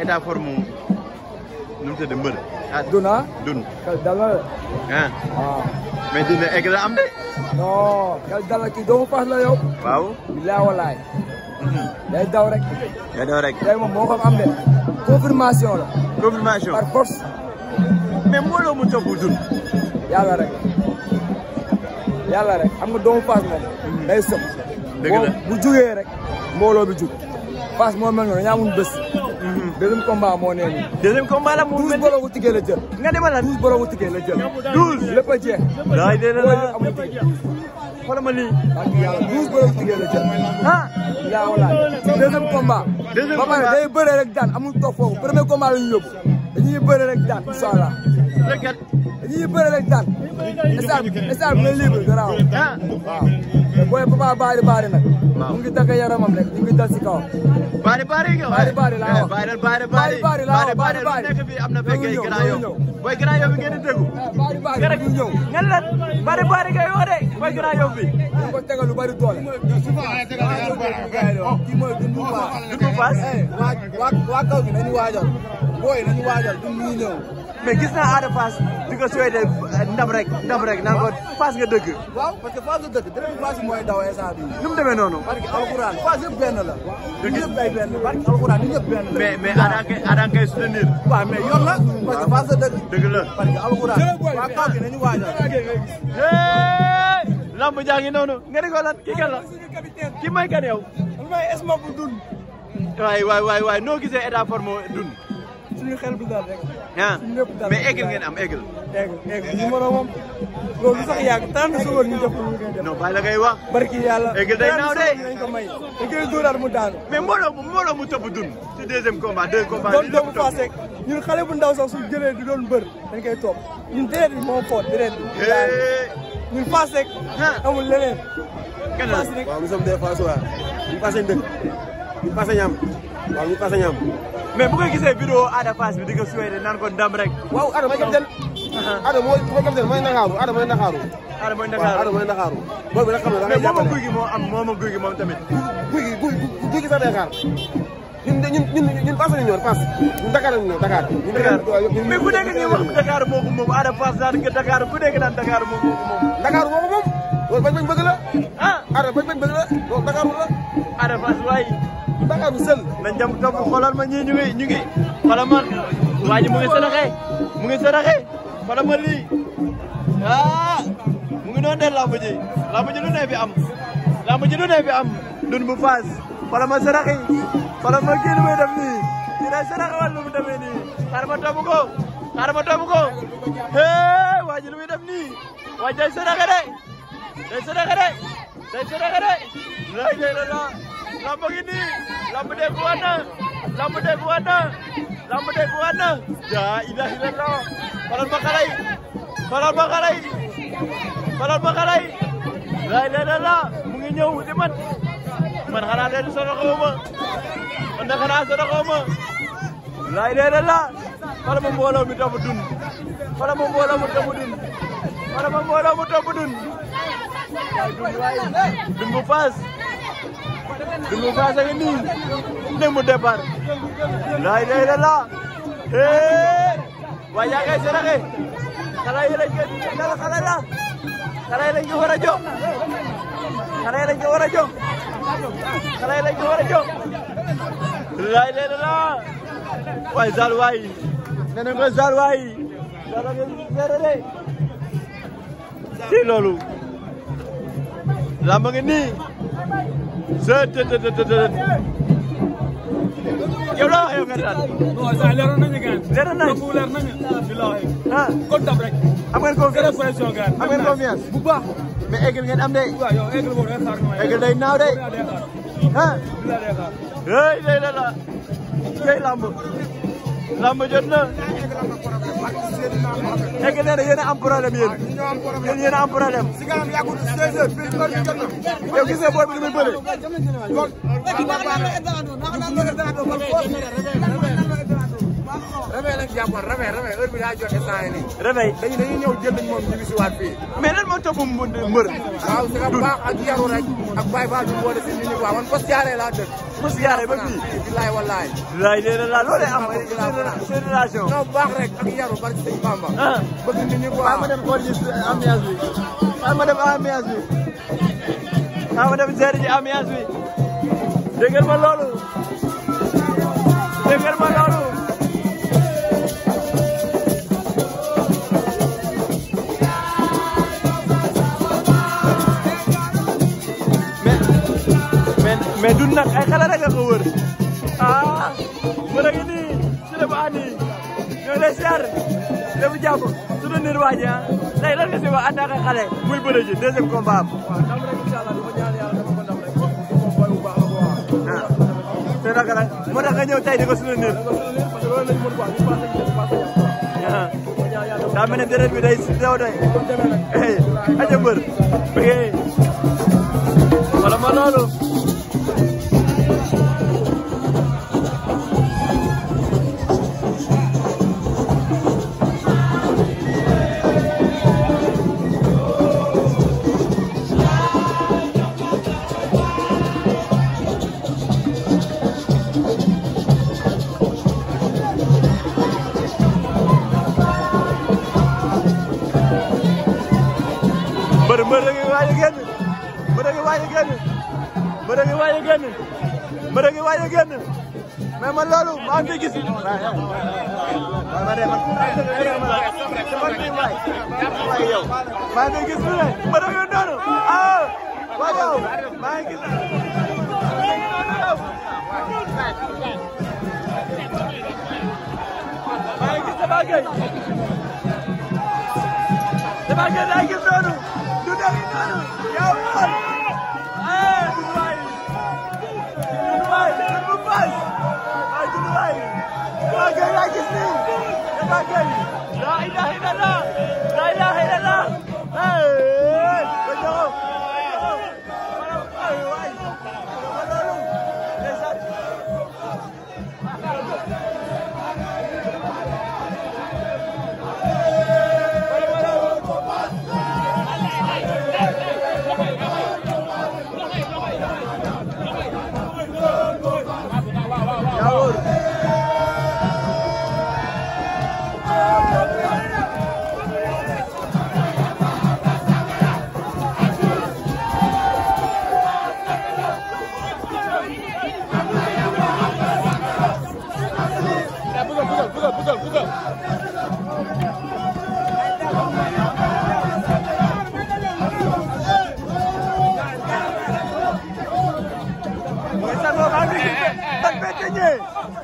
eda moom nu mu tëdd mbër. ah Dun xel dalal. ah. waaw ah. mais dina egg eh, la am de. non xel dalal kii doomu paas la yow. waaw. bilaay walaay. Mhm. day daw rek. day daw rek. tey moom moo ko am de. confirmation la. confirmation par force. mais mbooloo mu toog dun. yàlla ya rek yàlla ya rek xam nga doomu paas moom. day sëb. dëgg la bu jugee rek. mbooloo bi jug. paas moo mel noonu dañoo amul deuxième combat moo nee nii. deuxième combat la mu mel. douze borowu tiggee la jël. nga demal la douze borowu tiggee la jël. douze lépp a jeex. daay dee na la amul tiggee. xoolal ma lii. ak yàlla douze borowu tiggee la jël. ah. yaa walaay deuxième combat. deuxième combat ba pare day bëree rek daan amul toog foofu premier combat la ñu yóbbu dañuy bëree rek daan incha allah. dañuy bëree rek daan. stade bi na libre garaaw waaw ah. booy papa baari baari nag mu ngi dagg yaramam rek ñu ngi dal si kawam baari baari nga baari baari laa wax baari baari baari baari laa wax baari baari nekk bi am na fekkee grand yow booy grand yow bi ngeen di déglu baari baari rek ñu ñëw ngeen lan baari baari ngay wax de booy grand yow bi ñu ko tegal lu bari doole kii mooy dundu paas dundu paas waa kaw gi nañu waajal booy nañu waajal du ñu ñëw. mais gis naa Ada Fass di ko souhaité euh, ndam rek ndam rek naan ko Fass nga dëkk. waaw parce que Fass nga dëkk dërëbu Fass mooy daw instant bii. nu mu demee noonu. parce que alxuraan Fass yëpp benn la. dëgg la ñëpp ay benn parce que alxuraan ñëpp benn la. mais mais Ada kay Ada kay soutenir. waaw mais yoon la parce que Fass nga dëkk. dëgg la parce que alxuraan waa kaw gi nañu waajal. lamb jaa ngi noonu nga di ko lan kii kan la kii may kan yow. may esma bu dun. waay waay waay waay noo gisee état forme dun. suñu xel du daal rek. ah mais aigle ngeen am aigle. aigle aigle ñu a moom loolu sax yàgg tànn su woon ñu def lu ngeen def. non bàyyi la ngay yàlla aigle day naaw de tànn nañ ko may. dañ koy dóoraat mu daanu. mais mbooloo mu mbooloo mu tëb dun bu ndaw sax su jëlee di doon bër dañ koy topp ñun déret bi moo foot déret bi. ñun Fass rek. Ah. amul leneen. kenn la waaw nous sommes des Fassois. ñu passé Ndëng ñu passé Ñaam waaw ñu passé Ñaam. mais bu ko gisee vidéo Ada Fass bi di ko souhaité naan ko ndam rek. waaw Ada mooy capitaine. Ada mooy mooy capitaine mooy Ndakaaru Ada mooy Ndakaaru. Ada mooy Ndakaaru waaw Ada mooy Ndakaaru. boobu nag xam nga da ngay jàppale mais moom ak guy gi moo am moom ak guy gi moom tamit. guy gi guy guy gi sax day xaar. ñun ñun ñun ñun Fass la ñu ñëw Fass ñun Dakar la ñu ñëw Dakar. mais ku nekk ñuy wax Dakar moo ko moom Ada Fass naan nga Dakar ku nekk naan Dakar moo ko moom. Dakar moo ko moom. bañ bañ bëgg la ah ada bañ bañ bëgg la apa, ada la ara apa waay Dakaaru sel nañ dem topp xoolal ma ñii ñu ngi ah mu ngi noonu de làmb ji am làmb ji lu am dun bu faas xoolal ma saraxi xoolal ma kii lu muy def nii kii day sarax wala lu mu demee nii xaar ma dan sudah kadai. Dan sudah kadai. lai lai lai, Lama gini. Lama dia buana. Lama dia buana. Lama dia buana. Ya ilah ilah lah. Balon bakalai. Balon bakalai. Balon bakalai. Lah ilah ilah lah. Menginyau teman. Man kana ada di sana kau mah. Anda kana sana kau mah. Lah lai lai lai, Kalau membuat lo mudah mudun. Kalau membuat lo mudah mudun. Kalau membuat lo mudah mudun. Dumbu Fass Dumbu Fass a ngi nii ndemu départ laay lay la hee waaye eh. saraxe xale yi lañ ko xale la xale yi lañ ko war a jox xale yi lañ ko war a jox xale ko war a Zal waay nee ko Zal waay Zal a ngi seere de ci lambang ini Hei, lamb jot na. nekk nee na yéen a am problème yéen. yéen a am problème. yow gis nga booy bi nu muy bëri. réveil nag jàppoon réveil réveil heure bi daa joxe saa yi nii. réveil dañuy dañuy ñëw jël nañ moom ñu ngi si waat fii. mais lan moo topp mu mbër. waaw si nga baax ak yaru rek ak Baye Fall bi boole si nit ñi quoi man fas yaaree laa dëkk. fas yaaree ba fii bilaay wallaay. bilaay nee na laa loolee am seen relation. non baax rek ak yaru bari si sëñ Bamba. Ah. bëgg nit ñi quoi waaw ma dem xool ji ambiance bi. waaw ma dem ambiance bi. waaw ma dem seeti ji ambiance bi. dégg nga ma loolu. dégg nga ma loolu. mais du nag ay xale rek nga ko wër ah mën na ko nii su bu ànd yi ñoo lay siyaar lépp jàpp su doon niir waa ji ah tey lan nga si wax attaque ak xale muy bëre ji deuxième combat am. waaw ndam rek incha allah dama ñaan yàlla dama ko ndam rek moom booy bu baax la ko wax. ah te naka nag moo tax nga ñëw tey di ko su doon niir. parce que loolu lañ mën quoi ñu passé ñu def passé ñaar. daa mel ne déret bi day si teew doy. ay aja mbër. wala ma loolu. waaj a génn mais man loolu maa ngi gis maa ngi gis lu ne ma def yoon noonu ah waaw yow maa ngi gis maa ngi gis Tapha Gueye Tapha Gueye daa gis noonu du def noonu yow لا اله الا الله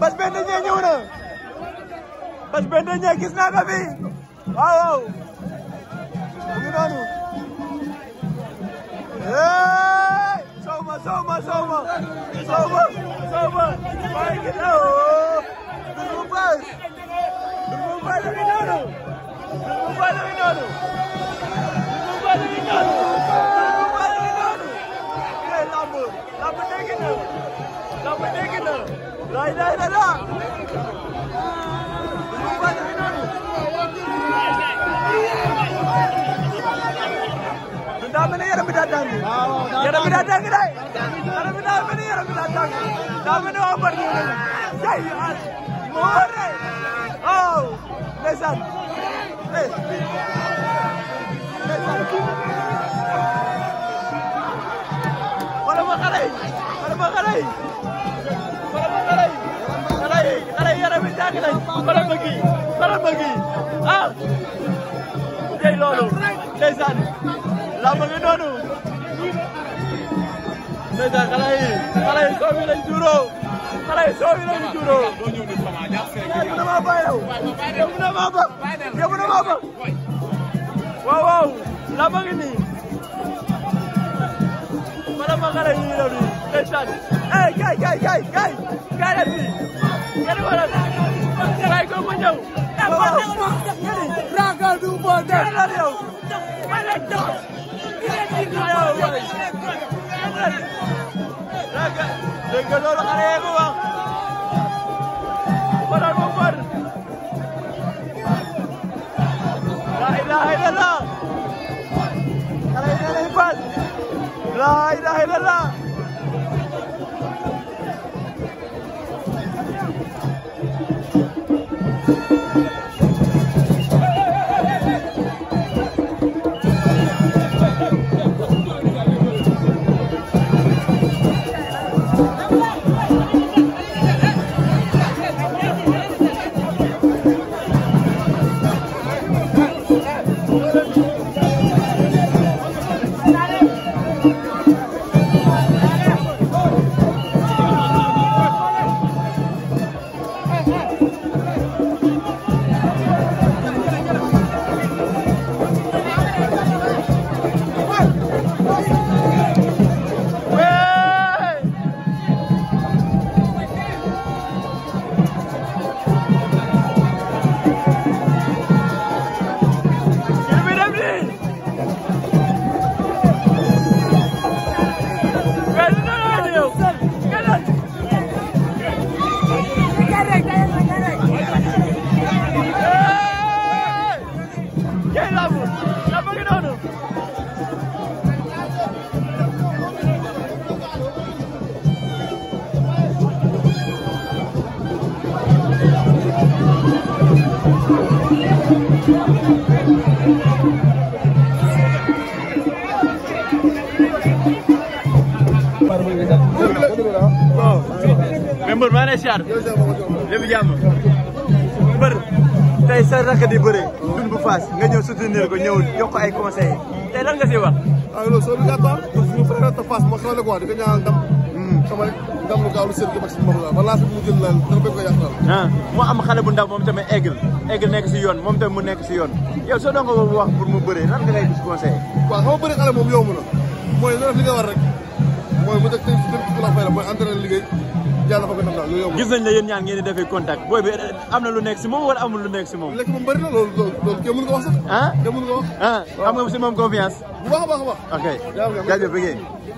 bas benn ñee ñëw na bas benn ñee que naa não é waaw waaw mu ngi noonu hey soo ma soo ma soo ma soo ma soo ma maa ngi daw dur yaram bi daa tàng de yaram bi daa mel ni yaram bi daa tàng daa mel ni waa mbër ñu ne tey moo mbër de waaw oh, ndeysaan wala ma xale yi wala ma xale yi wala ma xale yi xale yi xale yi yaram bi tàng nañ wala ma kii wala ma kii ah tey loolu ndeysaan laa ma ngi noonu déjà xale yi xale yi soo fi lañ juuroo xale yi soo fi lañ juuroo yow na maa ba yow yow na maa ba yow na maa ba waaw waaw la bëgg nii bala ma xale yi la nii ndeysaan eh kay kay kay kay kay la fii kenn wala kay ko ma ñëw ragal du bo de la yow ma la dox dégg loolu xale yee ko wax baral bu mbër laa ilaaha illallah xale yi nee nañ baal laa ilaaha illallah mbër maa ngi lay siyaar lépp jàmm sa di dun bu faas nga ñëw soutenir ko ñëw jox ko ay conseil tey lan nga siy wax waaw loolu soo dugaa baax faas sama dam lu gaaw seen ko maximum moom la ba laas mu jël lan dara bëgg ko yàqal ah moo am xale bu ndaw moom tamit eggal eggal nekk si yoon moom tamit mu nekk si yoon yow soo doon ko wax pour mu bëre lan nga lay gis conseil waaw xam nga bëre nga war rek mu la fay la entraîner yàlla bëgg na la yéen ñaan ngeen di defee contact booy bi am na lu nekk si moom wala amul lu nekk si moom lekk moom bëri na loolu loolu ah? ah, am nga si moom confiance bu baax a a baax ok jaajëf bëggee